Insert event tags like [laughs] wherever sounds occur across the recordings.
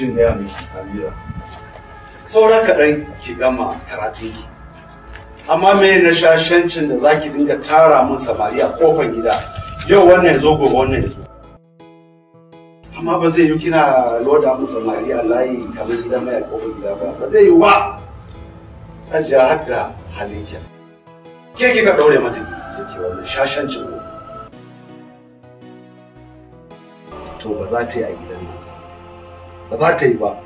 jin gaya mai Amira. Saura kaɗan ki gama karatun ki. Amma me na shashancin da za ki dinga tara min samari a kofar gida. Yau wannan ya zo gobe wannan ya zo. Amma ba zai yi kina loda min samari a layi kamar gida mai a kofar gida ba. Ba zai yi ba. Ajiya har da halin ki. Ke kika ɗaure mata ki wannan shashancin. To ba za ta yi a gidan nan. ba za ta yi ba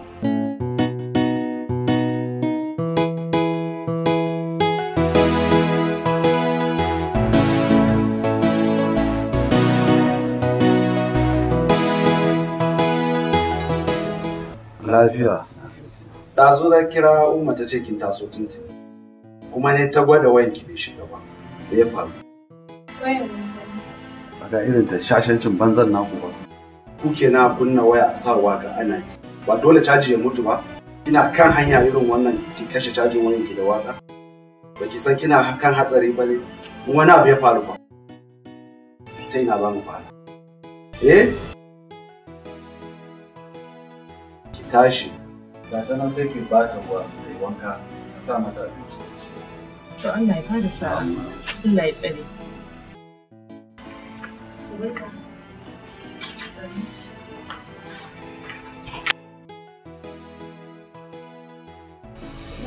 lafiya ɗazu za kira umma ta ce kin taso tunti kuma ne ta gwada wayan ki bai shiga ba ya faru a ga irin ta shashancin banzan naku ba kuke na kunna waya sa waka ana ji ba dole caji ya mutu ba kina kan hanya irin wannan ki kashe cajin wayan ki da waka ba ki san kina kan hatsari ba ne wani abu ya faru ba ta ina ba mu fara eh ki tashi ga ta nan sai ki ba ta ruwa da wanka ta sa mata abinci to Allah ya kada sa'a Allah ya tsare Thank you.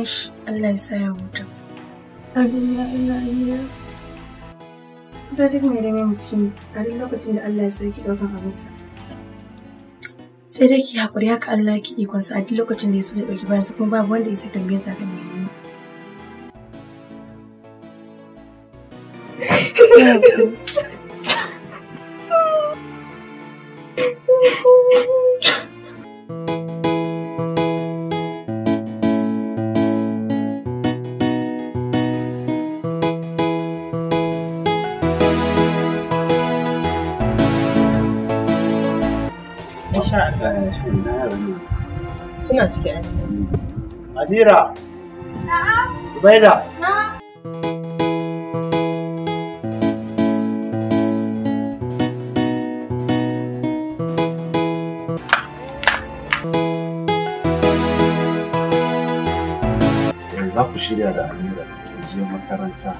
mishi Allah ya sa ya huta. Abin ya Allah ya Kusa duk mai da mutum a duk lokacin da Allah ya sauki ɗaukan abinsa. Sai dai ki haƙuri haka Allah ki ikonsa a duk lokacin da ya so da ɗauki bayansa kuma babu wanda ya sa tambaye sa kan mai [laughs] yi. [laughs] [laughs] Suna cikin aikinsu. Adira! Zubaida! za ku shirya da Amira ki je makaranta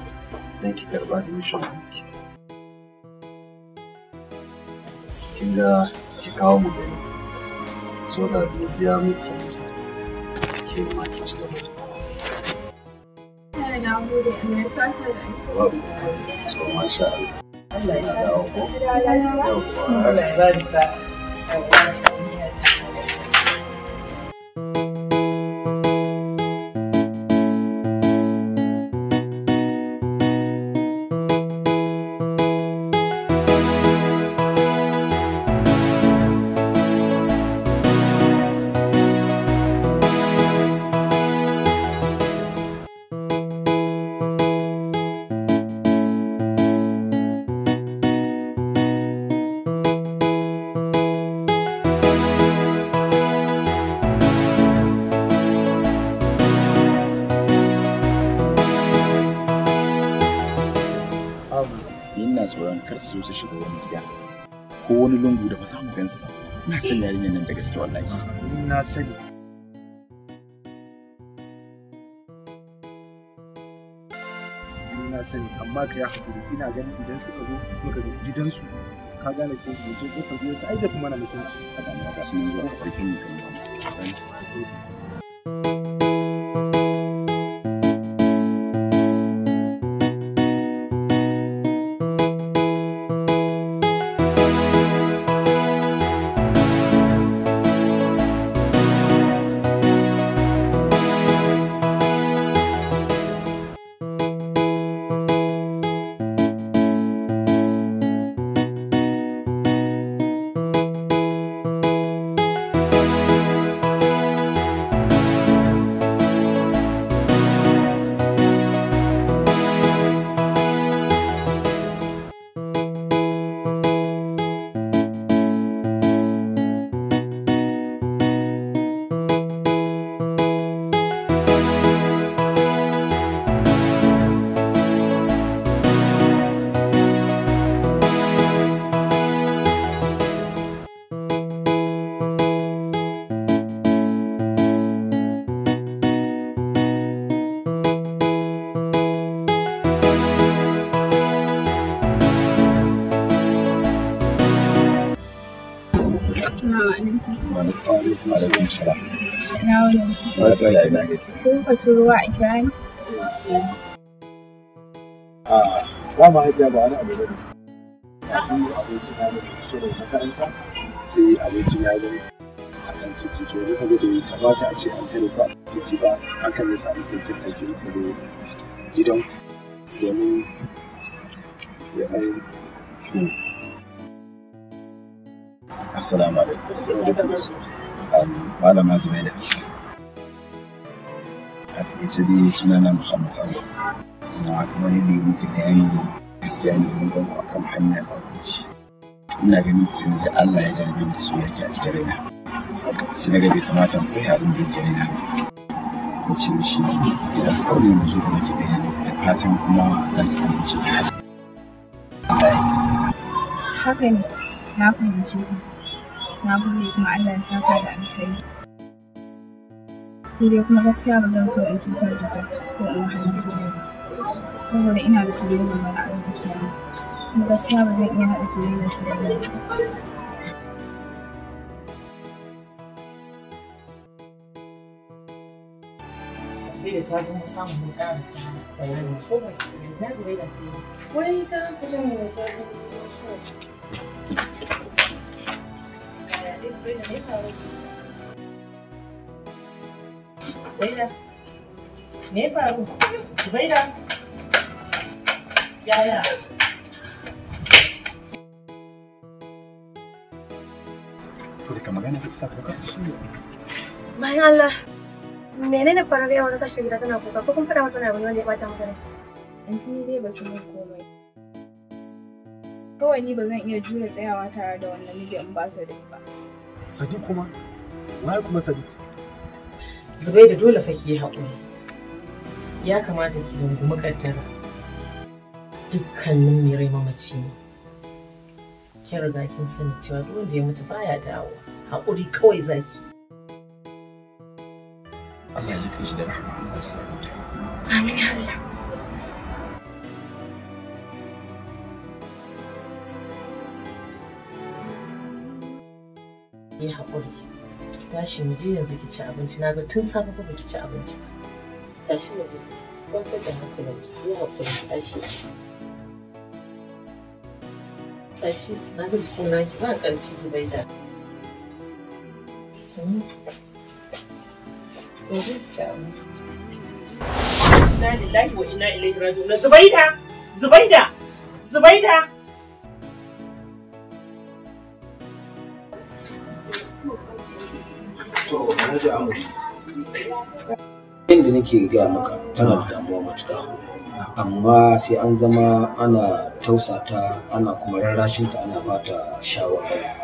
don ki karba da ɗinki. Kin ga ki kawo mu gani. so da biya muku ke ma ki ci my da eh, Na gode, Allah ya da So, masha Allah. Allah ya dawo ko? Allah ya dawo. ya tsoron kar su su shiga wani gida ko wani lungu da ba za mu gansu ba ina son yarinyar nan da gaske wallahi ni na sani ni na sani amma ka ya haƙuri ina ganin idan suka zo muka zo gidansu ka gane ko mu je kofar gidansu ai da kuma na mutunci a da ga su ne zuwa kwarkin mu kamar Assalamu alaikum. Wa alaikum salam. Na wani. Barka da ina gaji. ba ma hajiya ba wani abu na da da sai a kan titi kaga kamata a ce an tare ba titi ba hakan ne samu kan gidan domin ya Assalamu alaikum. Um, Malama Zubaida. A takaice dai suna na Muhammad Abu. Na kamar yadda yi muku bayani gaskiya ne mun gama a kan hanya zakunci. Ina ganin sai da Allah ya jarabe ni su yarki a cikin raina. Sai na ga bai kamata mu koyi abin da yake raina. Ko ce mishi ina kawai yanzu da nake bayani da fatan kuma za ki amince. Haka ne, na fahimci ku. na gode kuma Allah ya saka da alkhairi sai dai kuma gaskiya ba zan so in cutar da ko in saboda ina da soyayya a kuma gaskiya ba zan iya haɗa soyayya su da mara Zubairu ta zo samu mun ƙara sa da ta yi. ta kuma ta Sabrina, me faru? Zubaida, me faru? Zubaida, yaya? To da magana ta sa kuka shi. Bayan Allah, menene faru ga yawon kashe gida tana kuka ko kun fara mata abin wanda ya bata mata rai? An ci dai ba su mun komai. Kawai ni ba zan iya jure tsayawa tare da wannan miji in ba sa dai ba. sadi kuma waye kuma sadi zubai da dole fa ki haƙuri ya kamata ki zungumi kaddara dukkanin mai rai mamaci ne kin riga kin sani cewa duk wanda ya mutu baya dawo haƙuri kawai zaki Allah ya ji da rahama Allah ya sa Amin ya Allah yi haƙuri tashi mu je yanzu ki ci abinci na ga tun safe ba ki ci abinci ba tashi mu je kwantar da hankalin ki yi haƙuri tashi tashi na ga jikin naki ba ƙarfi zubaida sanu ko zai ci abinci inna lillahi wa inna ilaihi raji'un zubaida zubaida zubaida da nake gaya maka tana da damuwa matuƙa amma sai an zama ana tausata ana kuma rarrashinta ana bata shawarar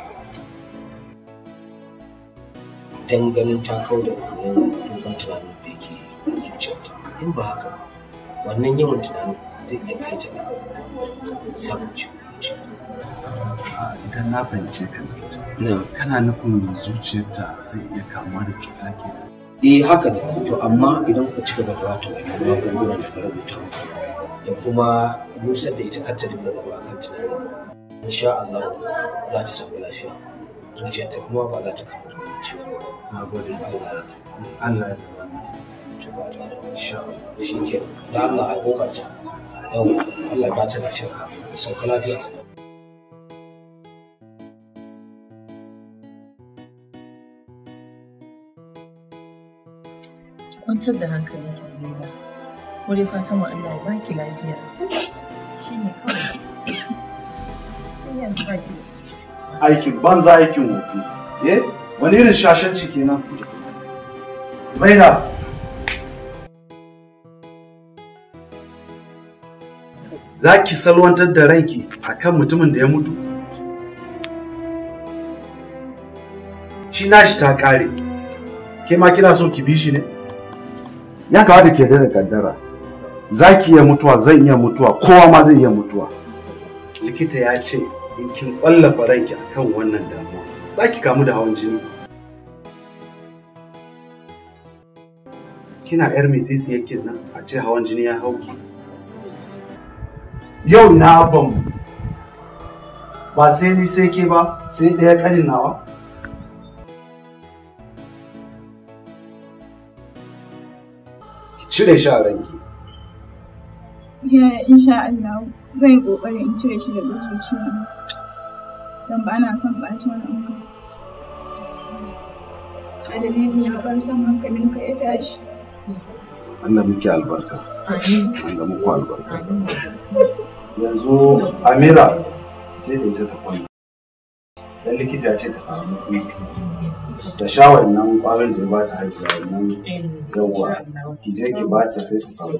don ganin ta kau da wannan dogon tunanin da yake zuciyarta in ba haka ba, wannan yawan tunanin zai iya kai ta ga samun ciwon zuciya idan na fahimce ka kana nufin zuciyarta zai iya kamuwa da cuta ke eh haka ne to amma idan kuka ci gaba da wata wani magungunan da ka rubuta da kuma busar da ita kanta dinga gaba a kan tunanin insha Allah za ta samu lafiya zuciyarta kuma ba za ta kamu da wani ciwo na gode Allah ya shi ke da Allah a kokata yau Allah ba ta lafiya sauka lafiya kwantar da hankali ki zuwa mu dai fatan wa Allah ya baki lafiya shine kawai sai yanzu baki aikin banza aikin wofi eh wani irin shashanci kenan maida za ki salwantar da ranki akan mutumin da ya mutu shi nashi ta kare ke ma kina so ki bi shi ne ya kamata ki yarda da kaddara za ki iya mutuwa zan iya mutuwa kowa ma zai iya mutuwa likita ya ce in kin ƙwallafa ranki kan wannan damuwa za ki kamu da hawan jini kina yar mai yake nan a ce hawan jini ya hau yau na ban ba sai ni sai ke ba sai ɗaya ƙarin nawa cire shi a ranki in insha Allah zai yi kokari in cire shi daga zuciya don ba na son bacin ranka a dalilin ya ban san ka ya tashi Allah muke albarka Allah muku albarka yanzu Amira ce da ita ta kwana dan likita ya ce ta samu hutu ta sha nan, kwarin da ya ta haji nan yawa ki je ki bata sai ta samu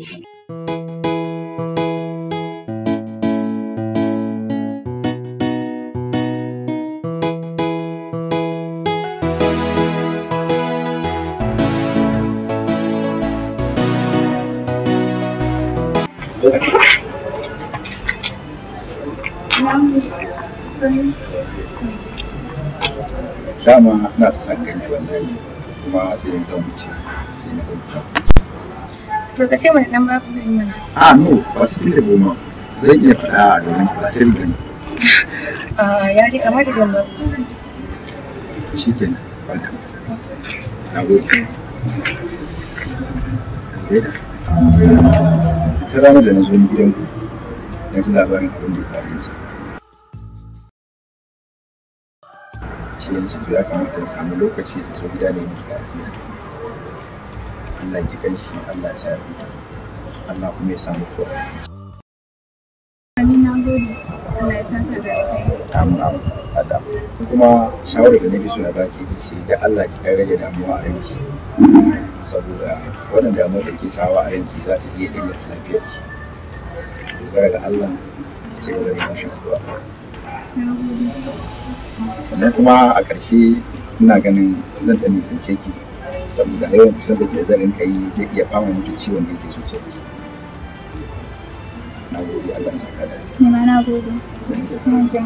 Thank you. dama na da san gani wallahi kuma sai yanzu zan wuce sai na huta to ka ce mana dan ku gani a no ba su da goma zan iya faɗa domin ba sai gani [laughs] a ah, ya ji amma da gamba shikenan ba na gode ta ranar da na zo gidanku yanzu labarin abin da ya faru yanzu. shi yanzu to ya kamata ya samu lokaci da zo gida ne mai tasiri Allah ji shi, Allah ya sa ya Allah kuma ya samu kowa Amin na Allah ya sa ka da kai Amin amin kuma shawarar da nabi suna baki ita ce da Allah ki kai rage damuwa a ranki saboda wannan damuwa da ke sawa a ranki za ta iya illata lafiyarki dogara ga Allah ci gaba da yin shan ruwa. Na sannan kuma a ƙarshe ina ganin zan ɗan nisance ki saboda yawan kusa da ke zarin ka yi zai iya fama mutu ciwon da yake zuciya na gode Allah ya kada ni ma na gode sai jima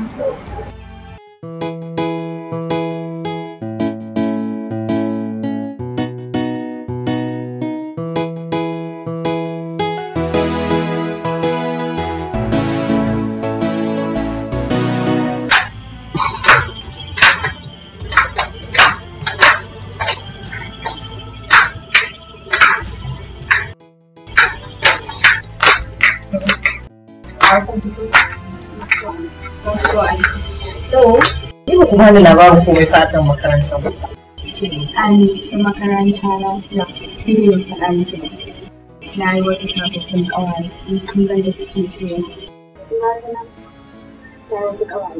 ba ku bani labarin komai fatan makarantar ba. ce da kani makaranta na sai dai mun faɗa miki da na yi wasu sababbin ƙawaye in kun da suke so ya tana ta wasu ƙawaye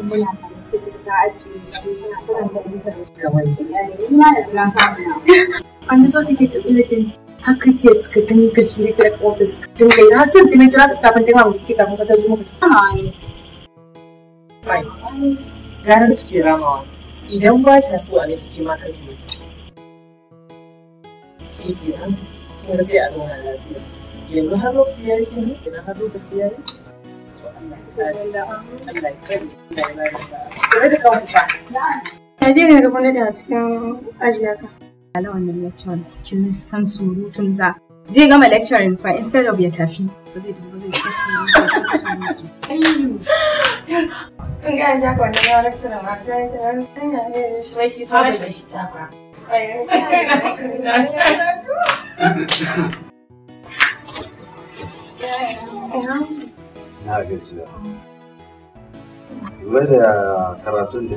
in muna tare ta ajiye sai suna faɗa da mutum da su gaban eh, ni ma da na samu na an so take da haka ce suka dinga shi da ofis dinga na san dinga jira kafin dinga mu kika mun ga zuwa ba ne Bye. gara da ramawa idan ba ta so a miki kima karki ne shi ke nan kuma sai a zauna lafiya yanzu har lokaci ya yi idan har lokaci ya yi Najeriya ga gwamnati a cikin ajiyaka. Ala wannan lecture kin san surutun za zai gama lecturing fa instead of ya tafi ba zai tafi ba karatun da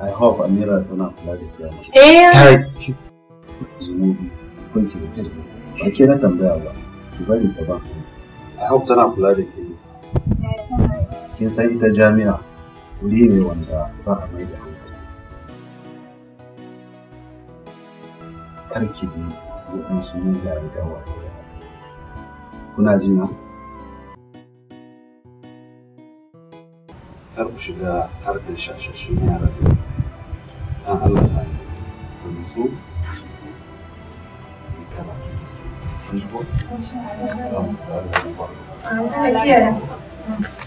I hope Amira tana kula da kiyama. Eh. hukunci da ce ba ke na tambaya ba ki bari ta ba kansa a hau tana kula da ke kin san ita jami'a wuri ne wanda za a mai da hankali karki bi waɗansu mugayen gawa kuna ji na kar ku shiga harkar shashashin yara da ɗan Allah ne ku nutsu Thank you.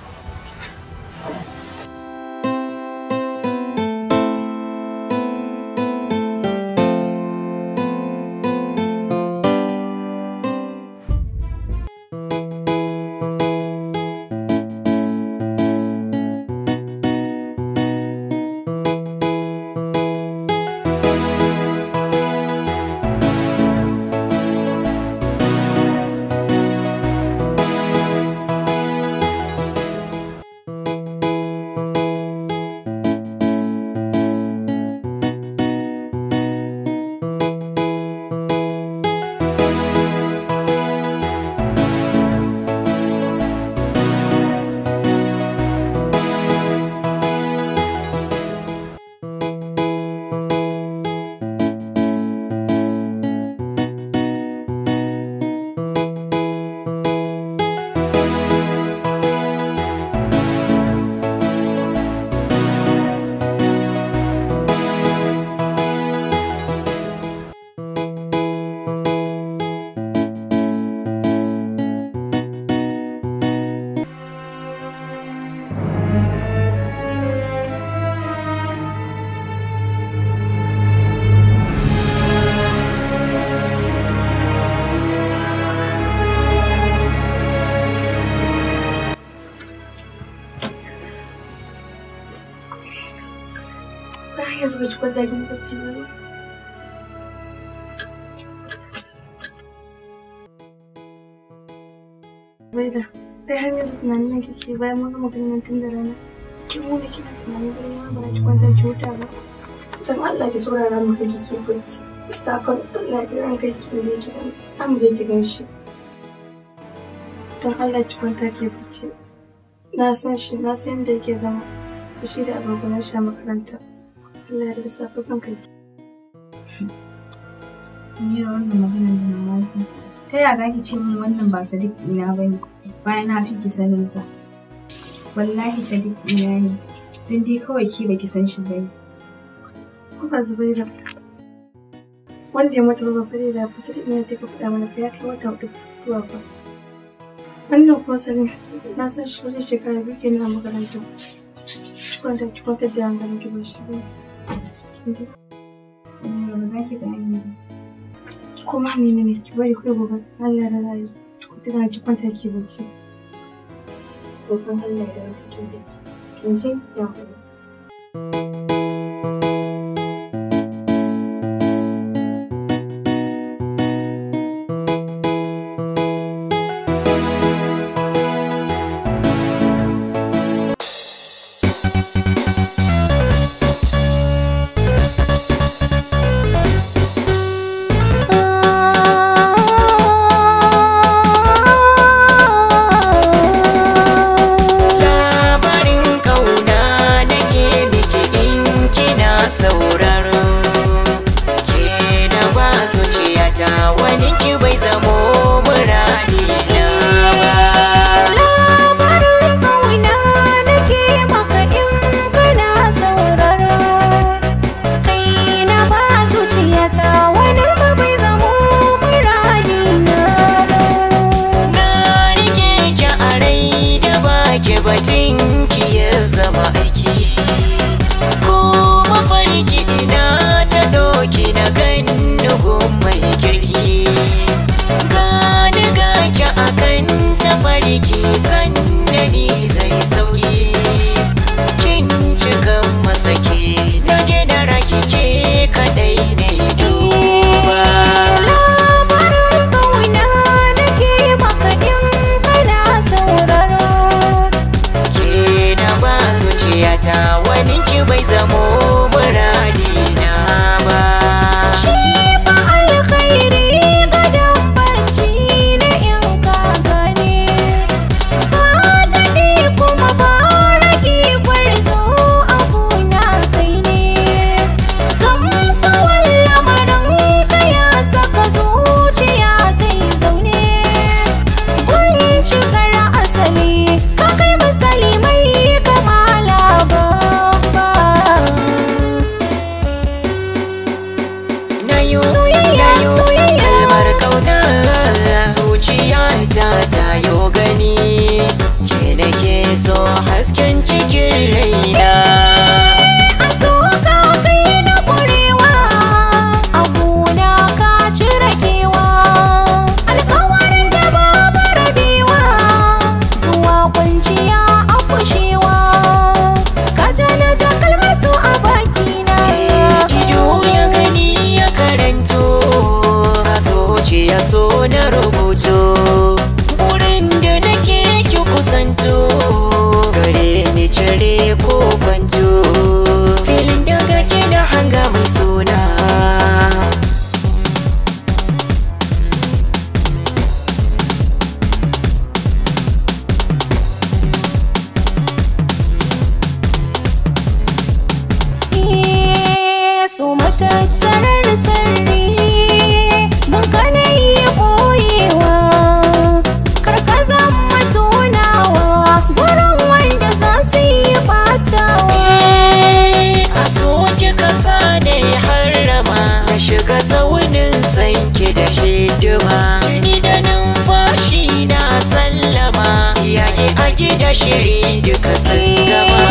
perguntas. Baida, kai har yanzu tunanin nan kike bayan mun gama tun da rana. Kin mu kina tunanin ganin ma ba ki ki huta ba. Dan Allah ki saurara mu kake ki kunci. Safar Allah ki ranka ki ne ki dan. Za mu je ki ganshi. Allah ki kwanta ki fice. Na san shi, na san da yake zama. de da abokan shi a makaranta. Allah ya lissafa son kai. Mira wannan maganar da mamaki. Ta yaya za ki ce min wannan ba Sadiq ina ba ne bayan na fi ki sanin sa. Wallahi Sadiq ina ne don dai kawai ke baki san shi ba ne. Kuma Zubaira. Wanda ya mutu ba fari da fasir ɗina ta ka faɗa mana ya kai wata hudu zuwa ba. Wannan ko sanin na san shi wajen shekara biyu kenan a makarantar. Kwanta ki kwantar da hankalin ki ba shi ba. Yau ba za ki gane kuma ma menene ki bari kai gobe Allah da rayu ku tana ki kwanta ki bacci. Allah da rayu ki ji ya ta wani ki bai zamo birane so matattarar sarri mun kana iya koyewa karka matunawa tonawa gurin wanda za su yi batawa a soki kasa ne harrama a shiga tsaunin sanke da hidima Jini da numfashi na sallama yayi a gida shiri duka sun gaba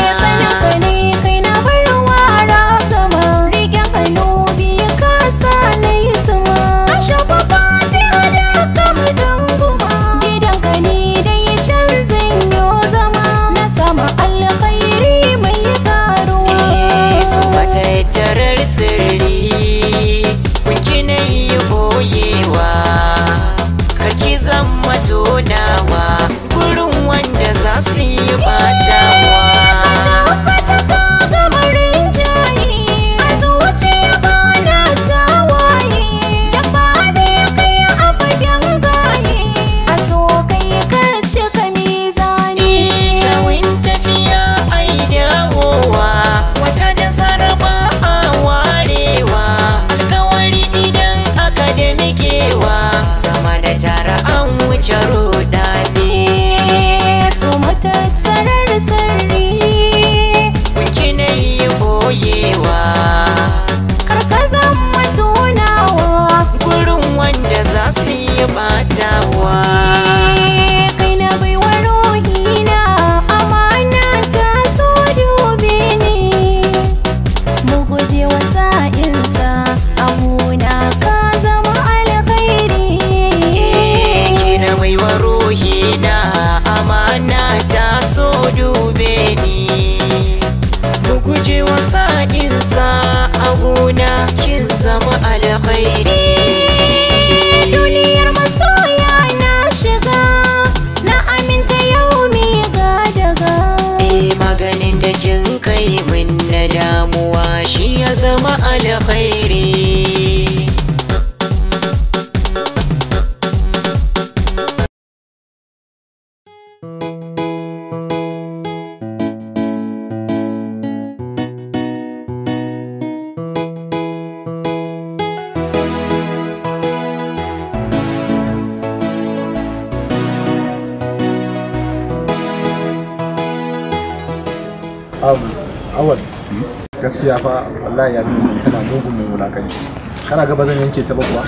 kana ga ba zan yanke ta ba kuwa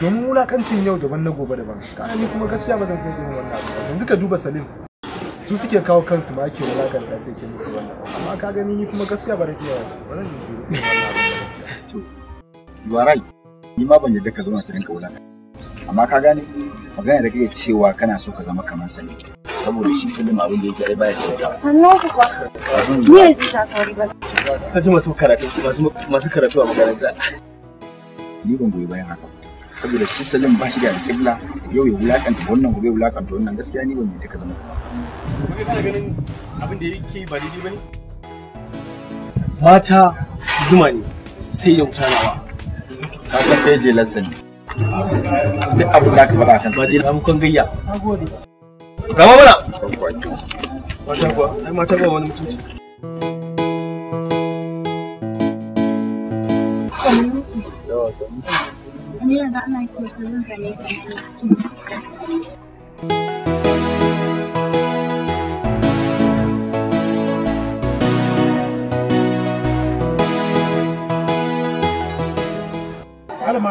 domin wulakancin yau daban na gobe daban kana ni kuma gaskiya ba zan kai irin wannan abu yanzu ka duba salim su suke kawo kansu ma ake wulakanta sai ke musu wannan amma ka gani ni kuma gaskiya ba zan iya ba zan yi you are right ni ma ban yadda ka zauna ka rinka wulakanta amma ka gane magana da kake cewa kana so ka zama kamar salim saboda shi salim abin da yake ai baya da sannan ku ba ni yanzu ta sauri ba ka ji masu karatu masu karatu a makaranta ni gobe bayan haka saboda shi salim ba shi da alƙibla yau ya wulakanta wannan gobe wulakanta wannan gaskiya ni ban yadda ka zama kamar sa mata zuma ne sai ya ka san feje duk abin da faɗa kan ba gayya rama mana mata kuwa ai mata ba wani wasanni ana ke zan same ka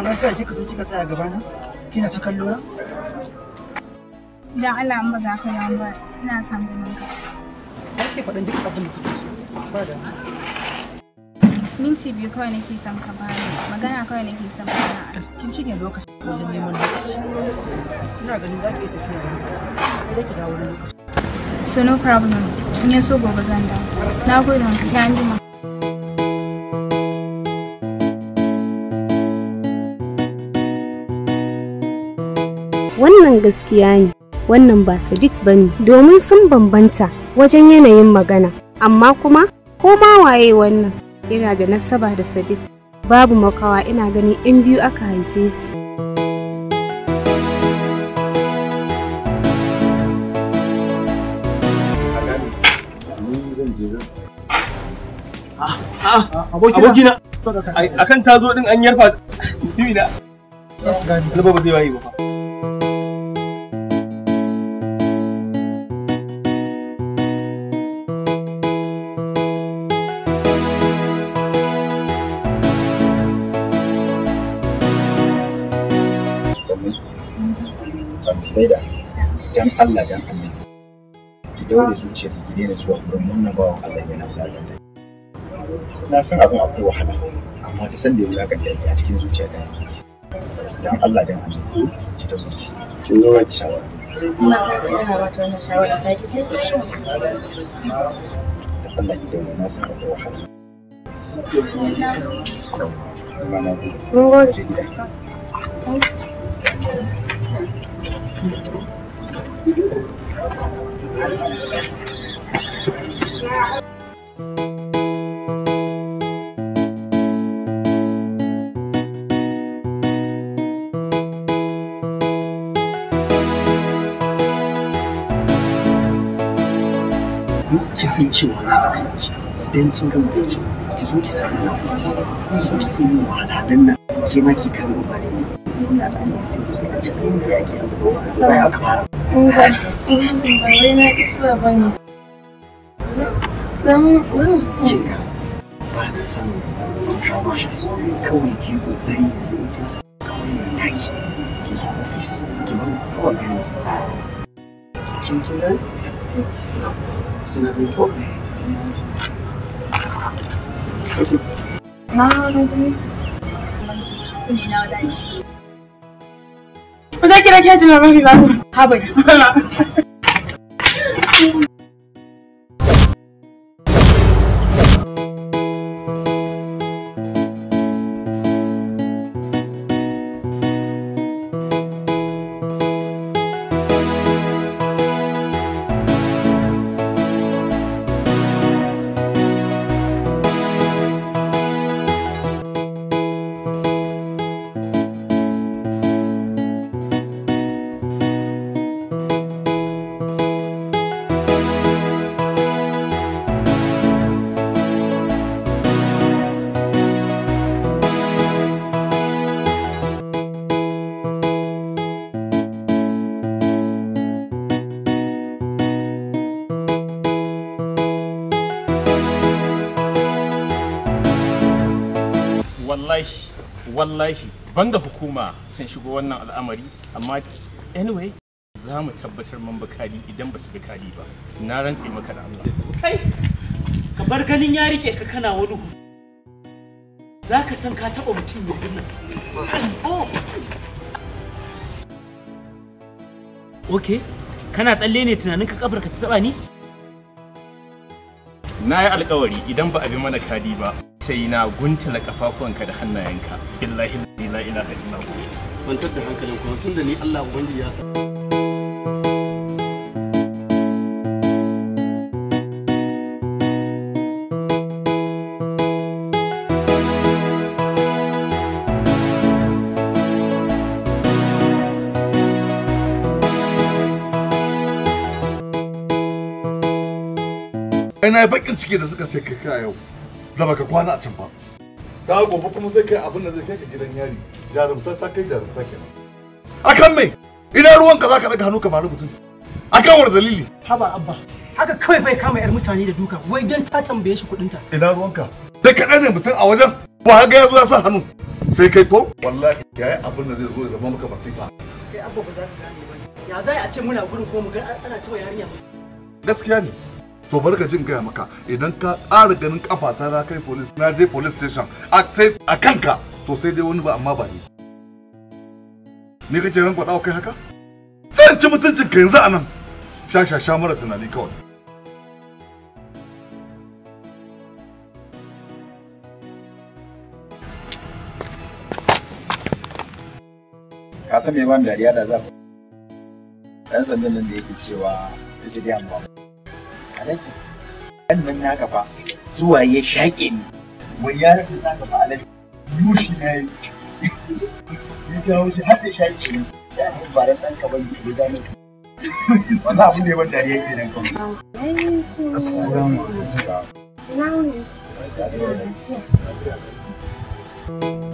na kai kika zo kika tsaya gaba na kina ta kallo na dan Allah ba za ka yi ba ina son ganin ka kake faɗin duk abin da kike so ba da minti biyu kawai nake son ka bani magana kawai nake son bana kin cike lokaci wajen neman lokaci ina ganin za ki iya tafiya sai da ki dawo wani lokaci to no problem in ya so gobe zan dawo na gode maka ki an wannan gaskiya ne wannan ba sadiq bane domin sun bambanta wajen yanayin magana amma kuma ko ma waye wannan Ina da nasaba da Sadiq. Babu makawa ina gani in biyu aka haife su. Abokina, akan tazo din an yarfa mutumi da. ba zai ba dan Allah dan Allah ki daure zuciyar ki daina zuwa gurin wannan bawan Allah yana wulakanta na san abin akwai wahala amma ta san da ya wulakanta yake a cikin zuciya ta yake ci dan Allah dan Allah ki daure kin zo ki shawara ina ga wata wannan shawara ta ki take so Allah ki daure na san akwai wahala Mun gode. Thank you. ki san cewa na faɗa miki idan kin gama aiki ki zo ki sami na ofis kun so kike yin wahalhalun nan ke ma ki ba da ni muna da amma sai ku zo a cikin zuriya ki abu baya ba na son controversials kawai ki kokari yanzu in kin samu kawai taki ki zo ofis ki ban kowa Ku zaki da kejin na wallahi banda hukuma sun shigo wannan al'amari amma anyway za mu tabbatar man bakari idan ba su bi kari ba na rantse maka da Allah kai ka bar ganin ya rike ka kana wani hu za ka san ka taɓa mutum ya zuna ok kana tsalle ne tunanin ka kabar ka ta taɓa ni na yi alkawari idan ba a bi mana kadi ba sai na guntula kafafuwanka da hannayenka billahi la ilaha illallah kwantar da hankalin kuma tunda ni Allah ubangiji ya sa ina bakin ciki da suka sai kai ka yau da baka kwana a can ba ka gobe kuma sai kai abin da zai kai ka gidan yari jarumta ta kai jarumta kenan akan me ina ruwan ka zaka daga hannu ka bari mutum akan war dalili haba abba haka kawai bai kama yar mutane da duka wai dan ta tambaye shi kudin ta ina ruwanka da kaɗan ne mutum a wajen ba ga yazo ya sa hannu sai kai ko wallahi yayi abin da zai zo ya zama maka masifa kai abba ba za ka gane ba ya zai a ce muna gurin ko mu ga ana cewa yarinya gaskiya ne to bar ka jin gaya maka idan ka ƙara ganin ta na kai police na je police station a sai a kanka to sai dai wani ba amma ba ni ne kake ran faɗa kai haka sai ci mutuncin ka yanzu anan sha sha sha mara tunani kawai ka san me ba mu dariya da za dan sandan nan da yake cewa ita da amma alaji dan nan naka fa zuwa ya shaƙe ni wani ya rufe naka fa alaji yushi na yi ya jawo shi har da shaƙe ni sai a kan baran ɗan ka bari ya zama mutu wani abu ne wanda ya ke nan kawai. Assalamu alaikum. Na'am.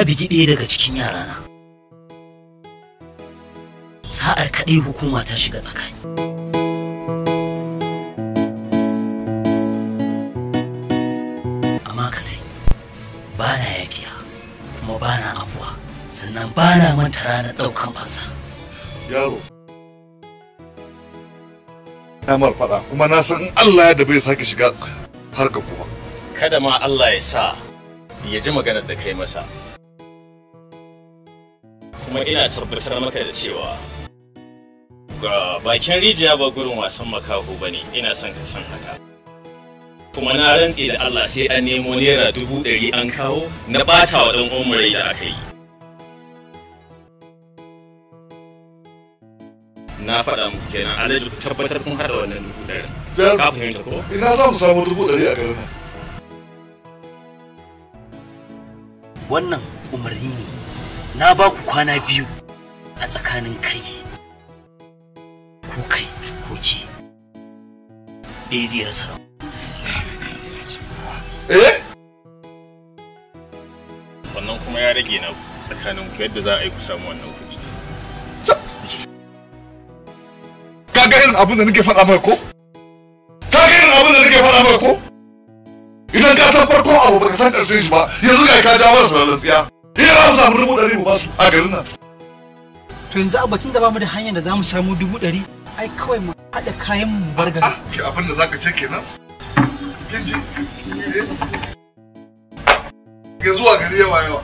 na bigi ɗaya daga cikin yarana sa'ar kaɗai hukuma ta shiga tsakani na yafiya kuma ba na abuwa sannan ba na manta ranar ɗaukan fansa. Yaro, mar faɗa kuma na san Allah ya da bai sake shiga harka kuma. Kada ma Allah ya sa ya ji maganar da kai masa. kuma ina tabbatar maka da cewa ga bakin rijiya ba gurin wasan makaho ba ne ina son ka san haka kuma na rantse da Allah sai an nemo naira dubu ɗari an kawo na ɓata wa ɗan umurai da aka yi na faɗa muku kenan alhaji ku tabbatar kun haɗa wannan dubu ɗari ka fahimta ko ina za mu samu dubu ɗari a garin wannan umarni ne na ba ku kwana biyu a tsakanin kai ko kai ko ce ɗaya eh, zai rasa eh wannan kuma ya rage na tsakanin ku yadda za a yi ku samu wannan kuɗi ga irin abin da nake faɗa maka ko ga irin abin da nake faɗa maka ko idan ka san farko abu baka san ƙarshen shi ba yanzu ga ka ja masa lalatsiya Ina za mu samu dubu ɗari mu basu a garin nan. To yanzu a batun da mu da hanyar da za mu samu dubu ɗari ai kawai mu haɗa kayan mu bar gari. Ke abin da ka ce kenan? Kin Ga zuwa gari yawa yawa.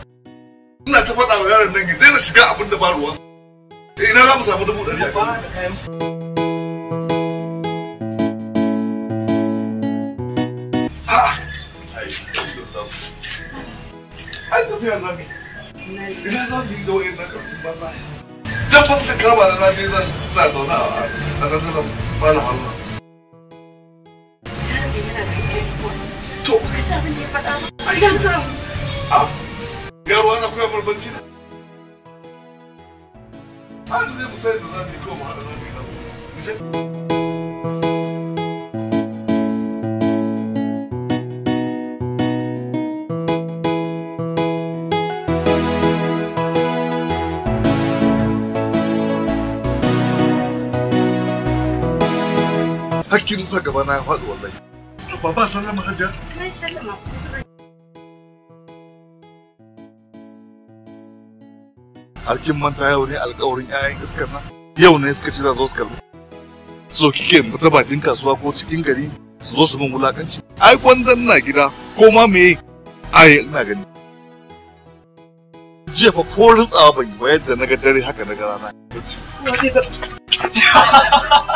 Ina ta faɗa wa yaron nan ya daina shiga abin da ba ruwansa. Ina za mu samu dubu ɗari a Ah, Ai, tafiya za mu Ina za su yi da wa'in ka kama da na je zan ina zaune a ƙasar da malam Allah. To. Ka ci abin da ya faɗa ba. Ai shi sa. Ah. na koya barbanci na. Ah, da zai musayar da za mu yi kowa ma da za mu yi ki nusa gaba na faɗi wallahi Baba sallama hajiya kai sallama har manta yau ne alƙawarin 'ya'yan iskar nan yau ne suka ce za zo su karɓi so kike fita bakin kasuwa ko cikin gari su zo su min wulakanci ai kwandon na gida ko ma me ai ina gani jiya fa ko rintsawa ban yi ba yadda na ga dare haka na gara rana [laughs]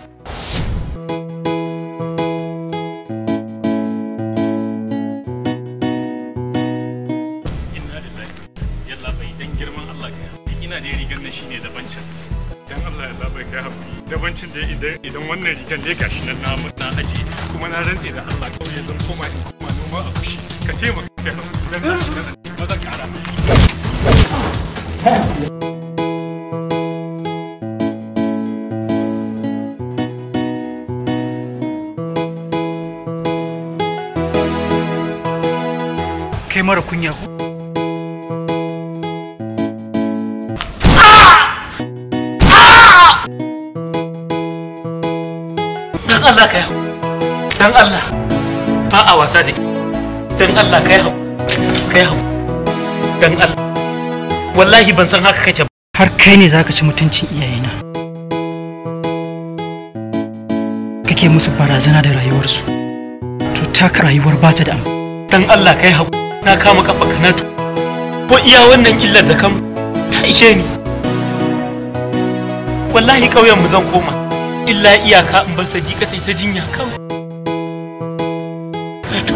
dabancin da idan wannan rigar ne gashi nan namu na aji kuma na rantse da Allah ya zan koma in koma noma a kushi ka taimaka ka maza kara kai mara kunya ko wasa da dan Allah kai haƙuri kai haƙuri dan Allah wallahi ban san haka kake ba har kai ne zaka ci mutuncin iyayena kake musu barazana da rayuwarsu to taka rayuwar bata da amfani dan Allah kai haƙuri na kama kafa kanatu ko iya wannan illar da kan ta ishe ni wallahi kauyen mu zan koma illa iyaka in bar sadiqa ta jinya kawai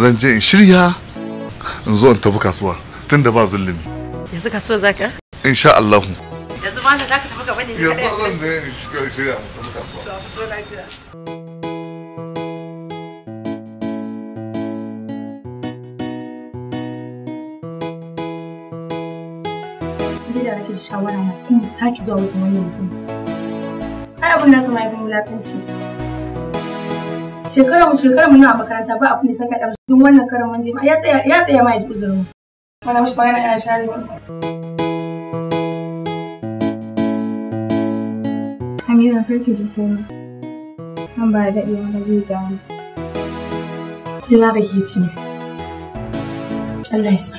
zan je in shirya in zo in tafi kasuwa tun da ba zulumi yanzu za zaka insha Allah yanzu ma za ka tafi gaba ne yanzu zan je in shirya in tafi kasuwa. da nake shawara na kuma sake zuwa wajen wannan mutum. Ai abin na zama ya zama wulakanci. shekarar shekarar muna makaranta ba a da saka ɗan duk wannan karin mun je ya tsaya ya tsaya ma ya ji uzurin ana mishi magana ana share Amira karki ji komai. An ba da iya ba zai dawo. Ina ga hiti ne. Allah ya sa.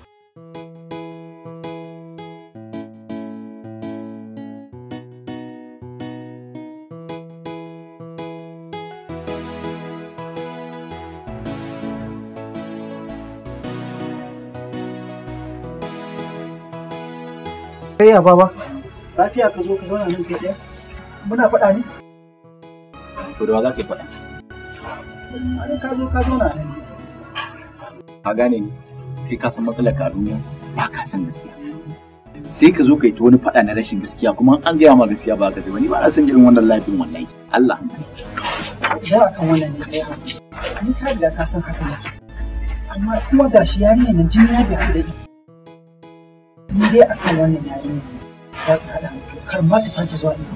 ya baba? Lafiya ka zo ka zauna nan ke ɗaya? Muna faɗa ne? To da wa za ka yi faɗa? Ai ka zo ka zauna nan. Ka gane ni, kai ka san matsalar ka a duniya ba ka san gaskiya. Sai ka zo ka yi ta wani faɗa na rashin gaskiya kuma an gaya ma gaskiya ba ka ji ba ni ba na san irin wannan lafiyar wallahi. Allah. Da akan wannan ne ɗaya. Ni ka riga ka san haka ne. Amma kuma gashi yarinyar nan jini ya bi da ita. ni dai akan wannan yayin za ta haɗa mutu kar ma ta sake zuwa ɗin.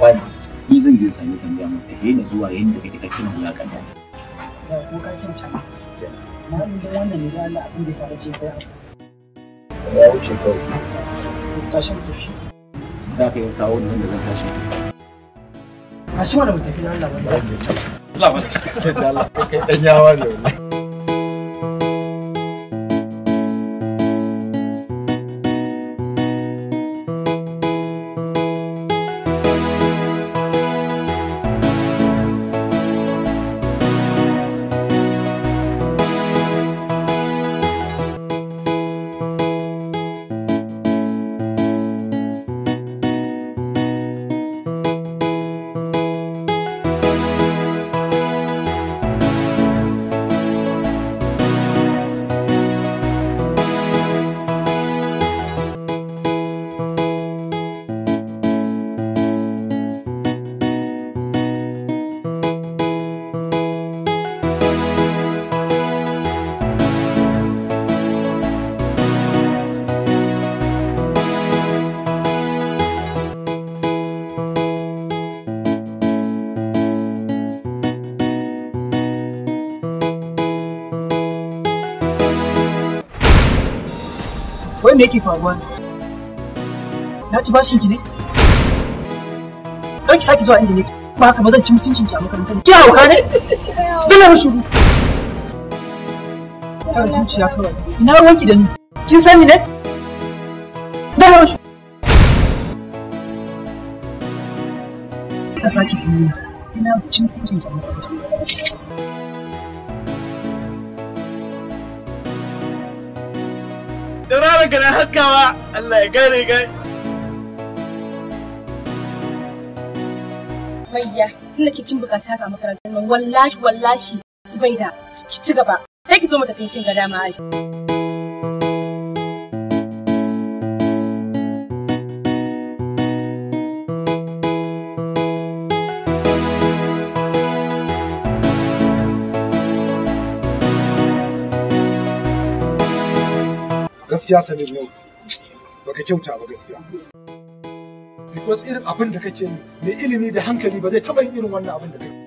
Wani, ni zan je sami kan gama ta daina zuwa yadda kake ta kiran wulaƙan da. Ya ko ka kyauta. Na lura wannan ne da Allah abin da ya faru ce kai abu. Ya wuce kawai. Tashin tafi. Za ka yi kawo nan da zan tashi. Ka shi wani mu tafi da Allah ban zan. Allah ban zan. da Allah kai ɗan yawa ne wannan. wai me yake faruwa ne na ci bashin ki ne don ki sake zuwa inda nake ba haka ba zan ci mutuncin ki a makaranta ne. ki hauka ne dole mu shiru. kar zuciya kawai ina ruwanki da ni kin sani ne dole mu shiru. ka sake biyu sai na ci mutuncin ki a makaranta. ba Allah ya gane gane Mayya, tunda ke kin bukaci haka makarantar nan wallahi wallahi Zubaida ki ci gaba sai ki zo mu tafi kin ga dama ai gaskiya sanin yau baka kyauta ba gaskiya because irin abin da kake yi mai ilimi da hankali ba zai taɓa yin irin wannan abin da kake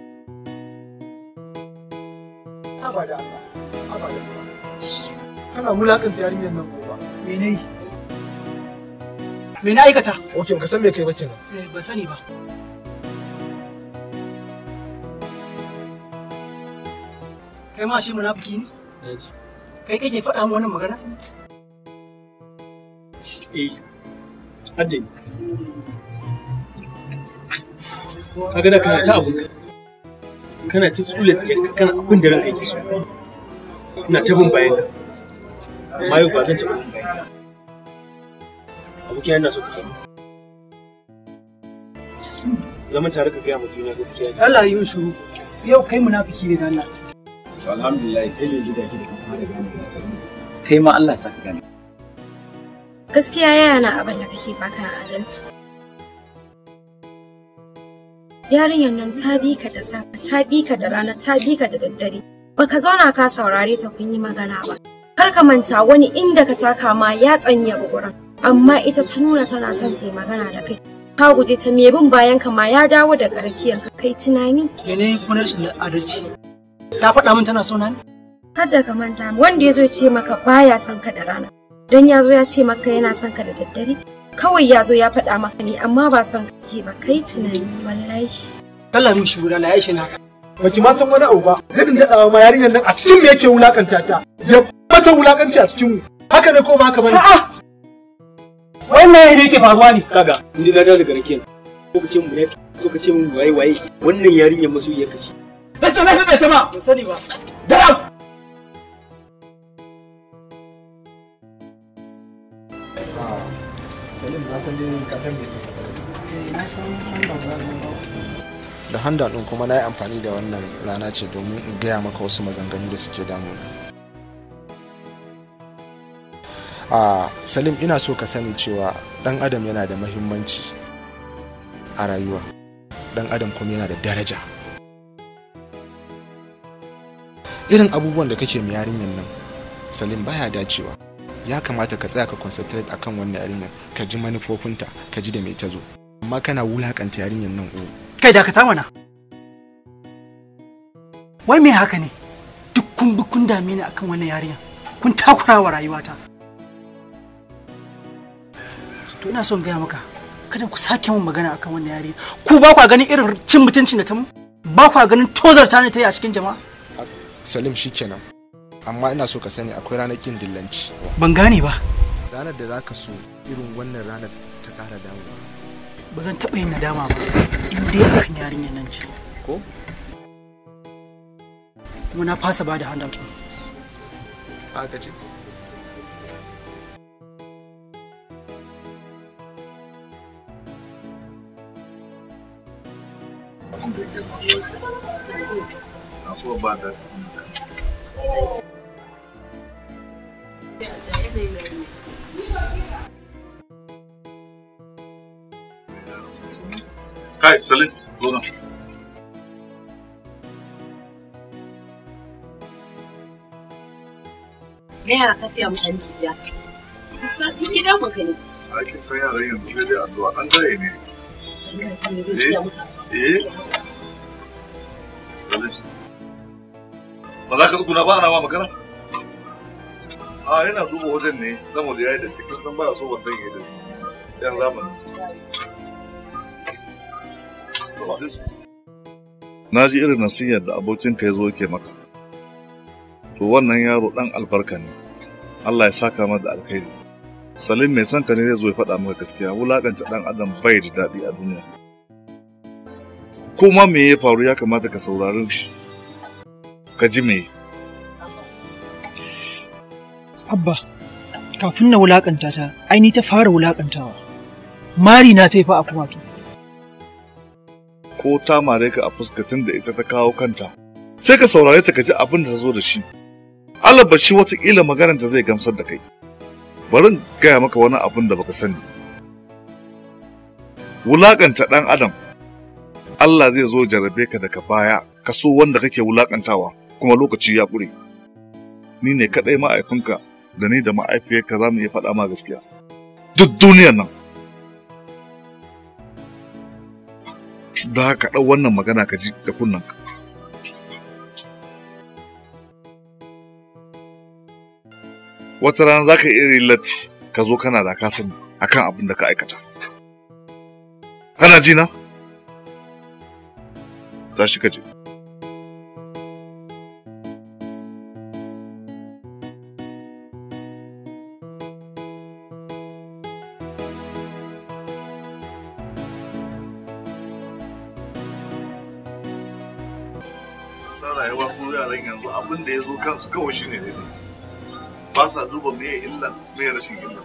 abada abada kana wulaƙanta yarinyar nan gobe me ne me na aikata okay ka san me kai ba kenan eh ba sani ba kai ma shi munafiki ne kai kake faɗa mu wannan magana eh hajji kaga da kana ta abun kana ta tsule tsiyarka kana abin da ranka yake so ina ta bin bayan amma yau ba zan taɓa bin bayan ka. abokina ina so ka sani zaman tare ka gaya ma juna gaskiya ne Allah yi shuru yau kai munafiki ne dan Allah alhamdulillah kai ne gida ki da kuma da gane gaskiya kai ma Allah ya saka gane gaskiya yana abin da kake baka adalci yarinyar nan ta bi ka da safe ta bi ka da rana ta bi ka da daddare baka zauna ka saurare ta kun yi magana ba kar ka manta wani inda ka taka ma ya tsanya ya gurin amma ita ta nuna tana son ta yi magana da kai ka guje ta me bin bayan ka ma ya dawo da garkiyan ka kai tunani mene kuma rashin adalci ta faɗa min tana sona ne kada ka manta wanda ya zo ce maka baya son ka da rana don ya zo ya ce maka yana son ka da daddare kawai ya zo ya faɗa maka ne amma ba son kake ba kai tunani wallahi Allah mun shi guda na yashi naka baki ma san wani abu ba zan daɗa ma yarinyar nan a cikin me yake wulakanta ta ya mata wulakanci a cikin mu haka ne ko ba haka bane a'a wannan ne yake faruwa ne kaga ni na dawo daga rakiyan ko ka ce mu yake ko kace mun waye waye wannan yarinyar masoyiyar kace ce ta ce na ta ba ban sani ba da Eh, da handa din kuma na yi amfani da wannan rana ce domin in gaya maka wasu maganganu da suke damuna a salim ina so ka sani cewa ɗan adam yana da mahimmanci a rayuwa ɗan adam kuma yana da daraja irin abubuwan da kake mai yarinyar nan salim baya dacewa ya kamata ka tsaya ka concentrate akan wannan yarinyar ka ji manufofinta ka ji da me ta zo amma kana wulakanta yarinyar nan o oh. kai dakata mana wai me haka ne duk kun bi kun dame ni akan wannan yarinyar kun takura wa rayuwata to ina son gaya maka kada ku sake mun magana akan wannan yarinya ku ba kwa ganin irin cin mutuncin da ta mu ba kwa ganin tozarta ne ta yi a cikin jama'a salim shikenan amma ina so ka sani akwai ranar kin dillanci ban gane ba ranar da za ka so irin wannan ranar ta ƙara dawo ba zan taɓa yin nadama ba in dai akan yarinyar nan ce ko kuma na fasa ba da handout ɗin haka ce Thank you. Kai, Salim, zo nan. Gaya ka siya mu ɗan jiya. Kafin gidan mu ka Aikin san yaran yanzu sai dai addu'a ɗan gare ne. Eh, eh? Salim. Ba za ka tsuguna ba ana ma magana? a yana duba wajen ne da ya yi da cikin san ba so wannan yi da yan na ji irin nasiyar da abokin ka ya zo ke maka to wannan yaro dan albarka ne Allah ya saka kama da alkhairi Salim mai son ka ne zai zo ya faɗa maka gaskiya wulakanta dan adam bai da daɗi a duniya kuma me ya faru ya kamata ka saurari shi ka ji me Abba, kafin na wulaƙanta ta, ai ta fara wulaƙantawa. Mari na ta yi fa a Ko ta mare ka a fuskatin da ita ta kawo kanta, sai ka saurare ta ka ji abin da ta zo da shi. Alaba shi watakila maganar ta zai gamsar da kai. Bari gaya maka wani abin da baka sani. Wulaƙanta ɗan Adam, Allah zai zo jarabe ka daga baya, ka so wanda kake wulaƙantawa, kuma lokaci ya ƙure. Ni ne kaɗai ma'aikunka da ni da ma'aifiyarka za mu iya faɗa ma gaskiya duk duniyar nan da haka ɗau wannan magana ka ji da ka wata rana za ka iya latti ka zo kana da ka sani akan abin da ka aikata kana ji na tashi ka je su kansu kawai shi ne ne ba sa duba me illa me rashin illa